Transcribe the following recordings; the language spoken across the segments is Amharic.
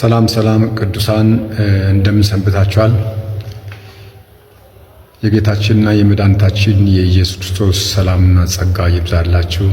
ሰላም ሰላም ቅዱሳን እንደምን ሰንብታችኋል? የጌታችንና የመድኃኒታችን የኢየሱስ ክርስቶስ ሰላምና ጸጋ ይብዛላችሁ።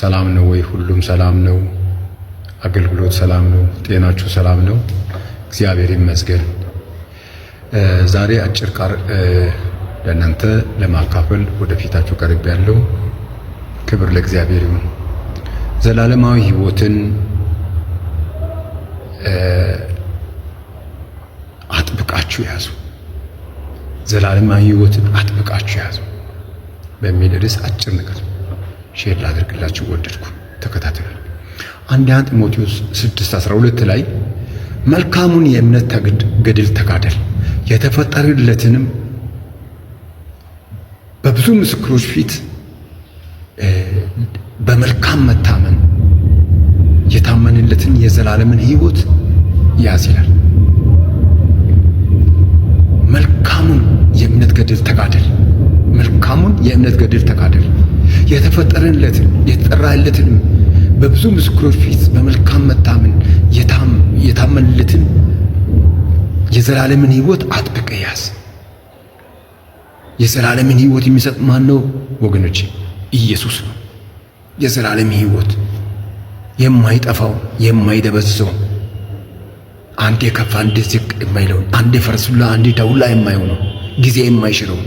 ሰላም ነው ወይ? ሁሉም ሰላም ነው። አገልግሎት ሰላም ነው። ጤናችሁ ሰላም ነው። እግዚአብሔር ይመስገን። ዛሬ አጭር ቃር ለእናንተ ለማካፈል ወደፊታችሁ ቀርቤ ያለው። ክብር ለእግዚአብሔር ይሁን። ዘላለማዊ ሕይወትን አጥብቃችሁ ያዙ፣ ዘላለማዊ ህይወትን አጥብቃችሁ ያዙ በሚል ርዕስ አጭር ነገር ሼር ላደርግላችሁ ወደድኩ። ተከታተሉ። አንደኛ ጢሞቴዎስ 6:12 ላይ መልካሙን የእምነት ገድል ተጋደል፣ የተፈጠረለትንም በብዙ ምስክሮች ፊት በመልካም መታመን የዳንለትን የዘላለምን ህይወት ያዝ ይላል። መልካሙን የእምነት ገድል ተጋደል። መልካሙን የእምነት ገድል ተጋደል። የተፈጠረለትን የተጠራለትን በብዙ ምስክሮች ፊት በመልካም መታመን የታመንለትን የዘላለምን ህይወት አጥብቀ ያዝ። የዘላለምን ህይወት የሚሰጥ ማን ነው ወገኖች? ኢየሱስ ነው የዘላለም ህይወት የማይጠፋው የማይደበዝዘው አንዴ ከፍ አንዴ ዝቅ የማይለው አንዴ ፈርሱላ አንዴ ዳውላ የማይሆነው ጊዜ የማይሽረው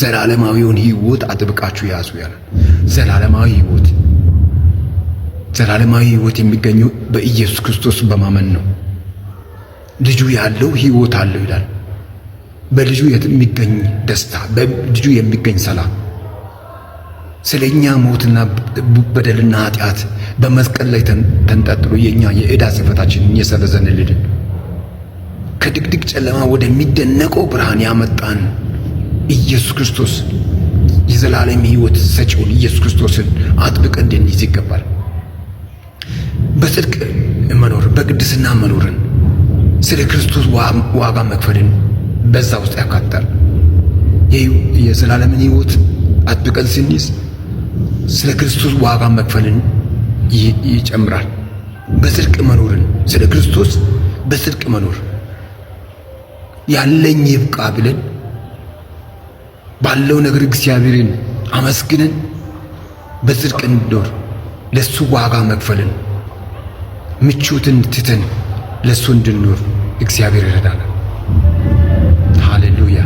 ዘላለማዊውን ህይወት አጥብቃችሁ ያዙ ያለ ዘላለማዊ ህይወት ዘላለማዊ ህይወት የሚገኘው በኢየሱስ ክርስቶስ በማመን ነው። ልጁ ያለው ህይወት አለው ይላል። በልጁ የሚገኝ ደስታ፣ በልጁ የሚገኝ ሰላም ስለ እኛ ሞትና በደልና ኃጢአት በመስቀል ላይ ተንጠልጥሎ የእኛ የዕዳ ጽሕፈታችንን እየሰረዘንልን ከድቅድቅ ጨለማ ወደሚደነቀው ብርሃን ያመጣን ኢየሱስ ክርስቶስ የዘላለም ሕይወት ሰጪውን ኢየሱስ ክርስቶስን አጥብቀን እንድንይዝ ይገባል። በጽድቅ መኖር በቅድስና መኖርን ስለ ክርስቶስ ዋጋ መክፈልን በዛ ውስጥ ያካትታል። የዘላለምን ሕይወት አጥብቀን ስንይዝ ስለ ክርስቶስ ዋጋ መክፈልን ይጨምራል። በጽድቅ መኖርን ስለ ክርስቶስ በጽድቅ መኖር ያለኝ ይብቃ ብለን ባለው ነገር እግዚአብሔርን አመስግነን በጽድቅ እንድኖር ለሱ ዋጋ መክፈልን ምቾትን ትተን ለሱ እንድኖር እግዚአብሔር ይረዳናል። ሃሌሉያ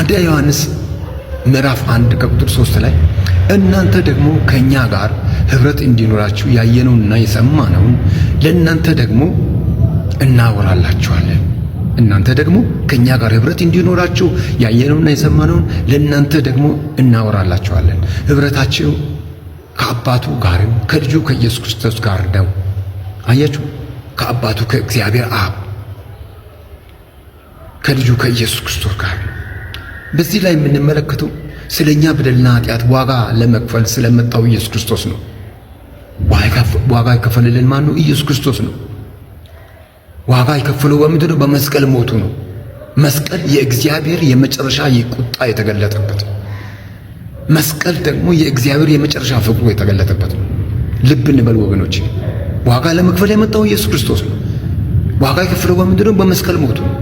አንደኛ ዮሐንስ ምዕራፍ አንድ ከቁጥር ሶስት ላይ እናንተ ደግሞ ከኛ ጋር ህብረት እንዲኖራችሁ ያየነውንና የሰማነውን ለእናንተ ደግሞ እናወራላችኋለን። እናንተ ደግሞ ከኛ ጋር ህብረት እንዲኖራችሁ ያየነውና የሰማነውን ለእናንተ ደግሞ እናወራላችኋለን። ህብረታችሁ ከአባቱ ጋርም ከልጁ ከኢየሱስ ክርስቶስ ጋር ነው። አያችሁ፣ ከአባቱ ከእግዚአብሔር አብ ከልጁ ከኢየሱስ ክርስቶስ ጋር ነው። በዚህ ላይ የምንመለከተው ስለ እኛ በደልና ኃጢአት ዋጋ ለመክፈል ስለመጣው ኢየሱስ ክርስቶስ ነው። ዋጋ የከፈለልን ማን ነው? ኢየሱስ ክርስቶስ ነው። ዋጋ የከፈለው በምንድን ነው? በመስቀል ሞቱ ነው። መስቀል የእግዚአብሔር የመጨረሻ ቁጣ የተገለጠበት፣ መስቀል ደግሞ የእግዚአብሔር የመጨረሻ ፍቅሩ የተገለጠበት ነው። ልብ እንበል ወገኖች፣ ዋጋ ለመክፈል የመጣው ኢየሱስ ክርስቶስ ነው። ዋጋ የከፈለው በምንድን ነው? በመስቀል ሞቱ ነው።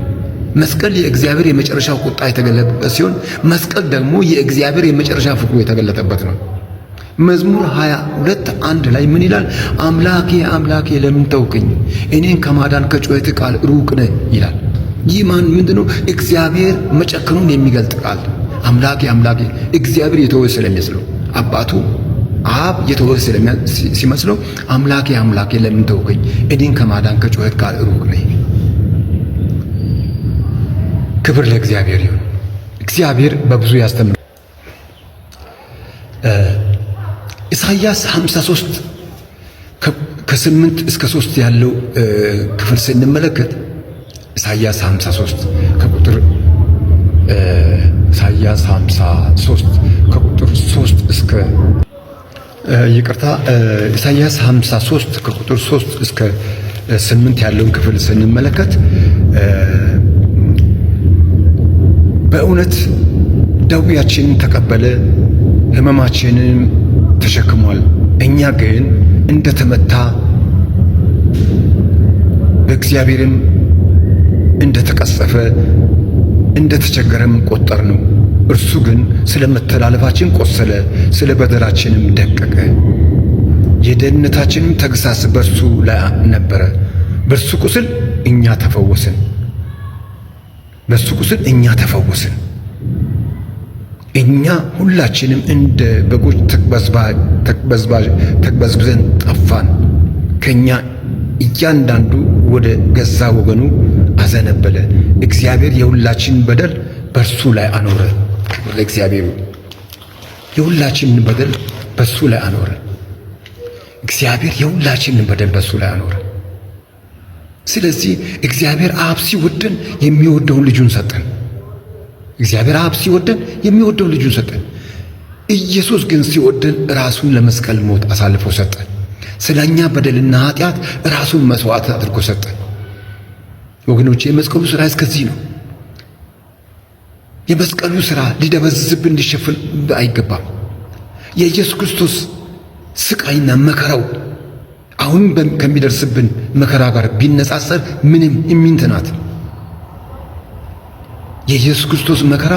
መስቀል የእግዚአብሔር የመጨረሻው ቁጣ የተገለጠ ሲሆን መስቀል ደግሞ የእግዚአብሔር የመጨረሻ ፍቅሩ የተገለጠበት ነው። መዝሙር 22 አንድ ላይ ምን ይላል? አምላኬ አምላኬ ለምን ተውከኝ? እኔን ከማዳን ከጩኸት ቃል ሩቅ ነህ ይላል። ይህ ማን ምንድነው? እግዚአብሔር መጨከኑን የሚገልጥ ቃል አምላኬ አምላኬ። እግዚአብሔር የተወ ስለሚመስለው አባቱ አብ የተወ ስለሚመስለው አምላኬ አምላኬ ለምን ተውከኝ? እኔን ከማዳን ከጩኸት ቃል ሩቅ ነኝ ክብር ለእግዚአብሔር ይሁን። እግዚአብሔር በብዙ ያስተምራል። ኢሳይያስ 53 ከስምንት እስከ ሶስት ያለው ክፍል ስንመለከት ኢሳይያስ 53 ከቁጥር ኢሳይያስ 53 ከቁጥር 3 እስከ ይቅርታ ኢሳይያስ 53 ከቁጥር 3 እስከ 8 ያለውን ክፍል ስንመለከት በእውነት ደዌያችንን ተቀበለ፣ ሕመማችንም ተሸክሟል። እኛ ግን እንደተመታ በእግዚአብሔርም እንደተቀሰፈ እንደተቸገረም ቆጠር ነው። እርሱ ግን ስለ መተላለፋችን ቆሰለ፣ ስለ በደራችንም ደቀቀ። የደህንነታችንም ተግሳስ በእርሱ ላይ ነበረ፣ በእርሱ ቁስል እኛ ተፈወስን። በሱ ቁስል እኛ ተፈወስን። እኛ ሁላችንም እንደ በጎች ተቅበዝብዘን ጠፋን። ከእኛ እያንዳንዱ ወደ ገዛ ወገኑ አዘነበለ። እግዚአብሔር የሁላችን በደል በእርሱ ላይ አኖረ። ክብር ለእግዚአብሔሩ። የሁላችንን በደል በእሱ ላይ አኖረ። እግዚአብሔር የሁላችንን በደል በእሱ ላይ አኖረ። ስለዚህ እግዚአብሔር አብ ሲወደን የሚወደውን ልጁን ሰጠን። እግዚአብሔር አብ ሲወደን የሚወደውን ልጁን ሰጠን። ኢየሱስ ግን ሲወደን ራሱን ለመስቀል ሞት አሳልፎ ሰጠን። ስለኛ በደልና ኃጢአት ራሱን መስዋዕት አድርጎ ሰጠን። ወገኖቼ የመስቀሉ ሥራ እስከዚህ ነው። የመስቀሉ ሥራ ሊደበዝዝብን ሊሸፍን አይገባም። የኢየሱስ ክርስቶስ ስቃይና መከራው አሁን ከሚደርስብን መከራ ጋር ቢነጻጸር ምንም ኢምንት ናት። የኢየሱስ ክርስቶስ መከራ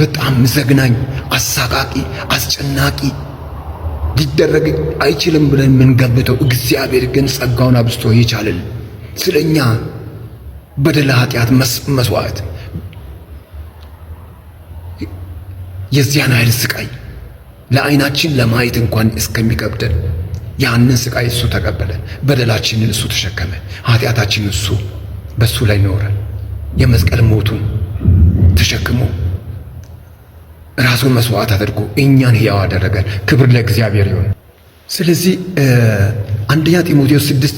በጣም ዘግናኝ፣ አሳቃቂ፣ አስጨናቂ ሊደረግ አይችልም ብለን የምንገምተው እግዚአብሔር ግን ጸጋውን አብስቶ ይቻላል። ስለኛ በደለ በደል፣ ኃጢአት መስዋዕት የዚያን ያህል ስቃይ ለአይናችን ለማየት እንኳን እስከሚከብደን ያንን ስቃይ እሱ ተቀበለ። በደላችንን እሱ ተሸከመ። ኃጢአታችንን እሱ በእሱ ላይ ኖረ። የመስቀል ሞቱን ተሸክሞ ራሱን መስዋዕት አድርጎ እኛን ሕያው አደረገን። ክብር ለእግዚአብሔር ይሁን። ስለዚህ አንደኛ ጢሞቴዎስ 6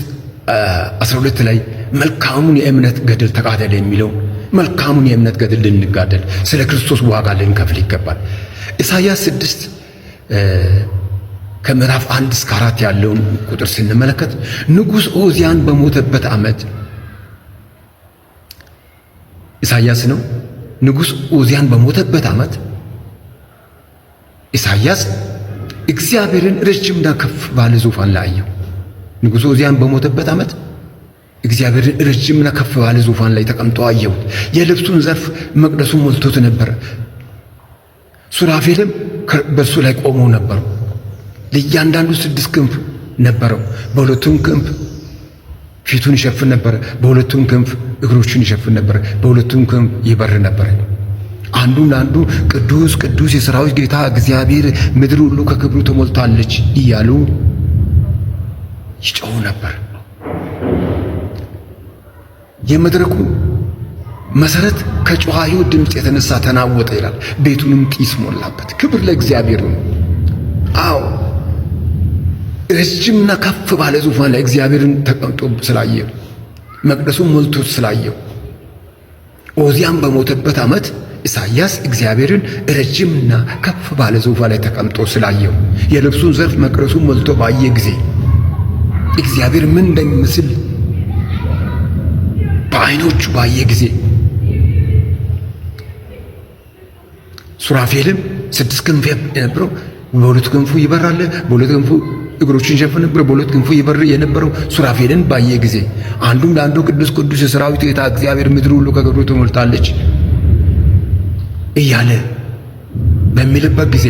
12 ላይ መልካሙን የእምነት ገድል ተቃደለ የሚለው መልካሙን የእምነት ገድል ልንጋደል ስለ ክርስቶስ ዋጋ ልንከፍል ይገባል። ኢሳይያስ 6 ከምዕራፍ አንድ እስከ አራት ያለውን ቁጥር ስንመለከት ንጉሥ ኦዚያን በሞተበት ዓመት ኢሳያስ ነው። ንጉሥ ኦዚያን በሞተበት ዓመት ኢሳያስ እግዚአብሔርን ረጅምና ከፍ ባለ ዙፋን ላይ አየው። ንጉሥ ኦዚያን በሞተበት ዓመት እግዚአብሔርን ረጅምና ከፍ ባለ ዙፋን ላይ ተቀምጦ አየሁት። የልብሱን ዘርፍ መቅደሱ ሞልቶት ነበር፣ ሱራፌልም በእርሱ ላይ ቆመው ነበሩ። ለእያንዳንዱ ስድስት ክንፍ ነበረው። በሁለቱም ክንፍ ፊቱን ይሸፍን ነበር፣ በሁለቱም ክንፍ እግሮቹን ይሸፍን ነበር፣ በሁለቱም ክንፍ ይበር ነበር። አንዱን አንዱ ቅዱስ ቅዱስ የሰራዊት ጌታ እግዚአብሔር ምድር ሁሉ ከክብሩ ተሞልታለች እያሉ ይጮሁ ነበር። የመድረኩ መሰረት ከጮኻዩ ድምፅ የተነሳ ተናወጠ ይላል። ቤቱንም ጢስ ሞላበት። ክብር ለእግዚአብሔር ነው። አዎ ረጅምና ከፍ ባለ ዙፋን ላይ እግዚአብሔርን ተቀምጦ ስላየው መቅደሱን ሞልቶ ስላየው ኦዚያን በሞተበት ዓመት ኢሳያስ እግዚአብሔርን ረጅምና ከፍ ባለ ዙፋን ላይ ተቀምጦ ስላየው የልብሱን ዘርፍ መቅደሱን ሞልቶ ባየ ጊዜ እግዚአብሔር ምን እንደሚመስል በዓይኖቹ ባየ ጊዜ ሱራፌልም ስድስት ክንፍ የነበረው በሁለት ክንፉ ይበራል፣ በሁለት ክንፉ እግሮቹን ነበር። በሁለት ክንፉ ይበር የነበረው ሱራፌልን ባየ ጊዜ አንዱም ለአንዱ ቅዱስ ቅዱስ የሰራዊት ጌታ እግዚአብሔር ምድር ሁሉ ከክብሩ ትሞልታለች እያለ በሚልበት ጊዜ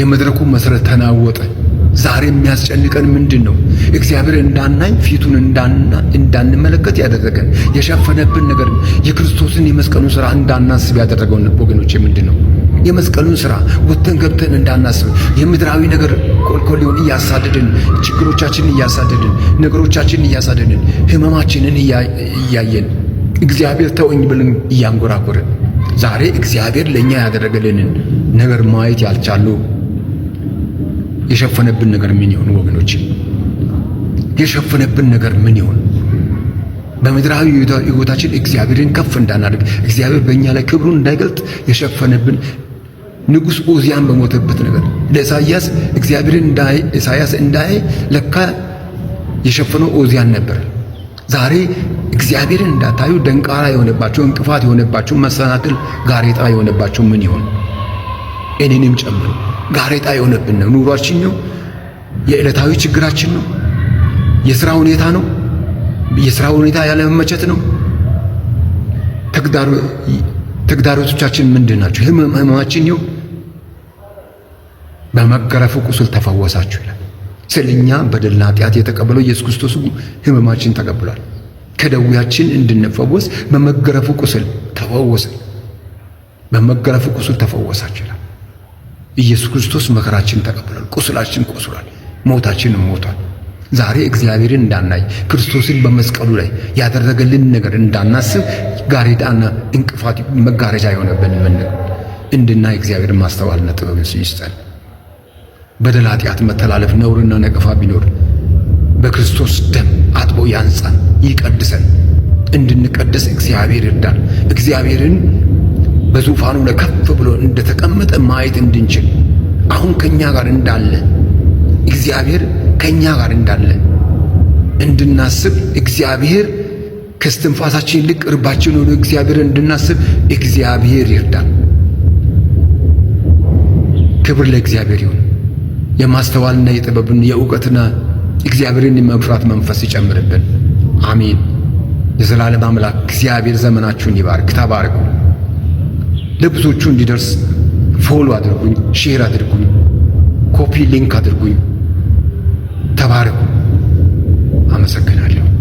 የመድረኩ መሰረት ተናወጠ። ዛሬ የሚያስጨንቀን ምንድን ነው? እግዚአብሔር እንዳናኝ ፊቱን እንዳንመለከት ያደረገን የሸፈነብን ነገር የክርስቶስን የመስቀሉን ስራ እንዳናስብ ያደረገው ወገኖች ምንድን ነው? የመስቀሉን ስራ ወጥተን ገብተን እንዳናስብ የምድራዊ ነገር ሸኮሌውን እያሳደድን ችግሮቻችንን እያሳደድን ነገሮቻችንን እያሳደድን ህመማችንን እያየን እግዚአብሔር ተወኝ ብለን እያንጎራጎርን ዛሬ እግዚአብሔር ለእኛ ያደረገልንን ነገር ማየት ያልቻሉ የሸፈነብን ነገር ምን ይሆን ወገኖች? የሸፈነብን ነገር ምን ይሆን? በምድራዊ ህይወታችን እግዚአብሔርን ከፍ እንዳናደርግ እግዚአብሔር በእኛ ላይ ክብሩን እንዳይገልጥ የሸፈነብን ንጉስ ኡዚያን በሞተበት ነገር ለኢሳያስ እግዚአብሔር እንዳይ ኢሳያስ እንዳይ ለካ የሸፈነው ኡዚያን ነበር። ዛሬ እግዚአብሔርን እንዳታዩ ደንቃራ የሆነባቸው እንቅፋት የሆነባቸው መሰናክል ጋሬጣ የሆነባቸው ምን ይሆን? እኔንም ጨምሮ ጋሬጣ የሆነብን ነው። ኑሯችን ነው። የዕለታዊ ችግራችን ነው። የሥራ ሁኔታ ነው። የሥራ ሁኔታ ያለመመቸት ነው። ተግዳሮ ተግዳሮቶቻችን ምንድን ናቸው? ህመማችን ይው በመገረፉ ቁስል ተፈወሳችሁ ይላል። ስለኛ በደልና ኃጢአት የተቀበለው ኢየሱስ ክርስቶስ ህመማችን ተቀብሏል። ከደዌያችን እንድንፈወስ በመገረፉ ቁስል ተፈወሰ። በመገረፉ ቁስል ተፈወሳችሁ ይላል። ኢየሱስ ክርስቶስ መከራችን ተቀብሏል። ቁስላችን ቆስሏል። ሞታችን ሞቷል። ዛሬ እግዚአብሔርን እንዳናይ ክርስቶስን በመስቀሉ ላይ ያደረገልን ነገር እንዳናስብ ጋሬጣና እንቅፋት መጋረጃ የሆነብን ምን እንድናይ እግዚአብሔርን ማስተዋልና ጥበብን ይስጠን። በደል ኃጢአት፣ መተላለፍ፣ ነውርና ነቀፋ ቢኖር በክርስቶስ ደም አጥቦ ያንጻን፣ ይቀድሰን። እንድንቀደስ እግዚአብሔር ይርዳን። እግዚአብሔርን በዙፋኑ ላይ ከፍ ብሎ እንደተቀመጠ ማየት እንድንችል አሁን ከኛ ጋር እንዳለ እግዚአብሔር ከእኛ ጋር እንዳለ እንድናስብ እግዚአብሔር ከስትንፋሳችን ይልቅ ርባችን ሆኖ እግዚአብሔር እንድናስብ እግዚአብሔር ይርዳል። ክብር ለእግዚአብሔር ይሁን። የማስተዋልና የጥበብን የእውቀትና እግዚአብሔርን የመፍራት መንፈስ ይጨምርብን። አሜን። የዘላለም አምላክ እግዚአብሔር ዘመናችሁን ይባርክ። ተባርኩ። ለብዙዎቹ እንዲደርስ ፎሎ አድርጉኝ፣ ሼር አድርጉኝ፣ ኮፒ ሊንክ አድርጉኝ። ተባረኩ። አመሰግናለሁ።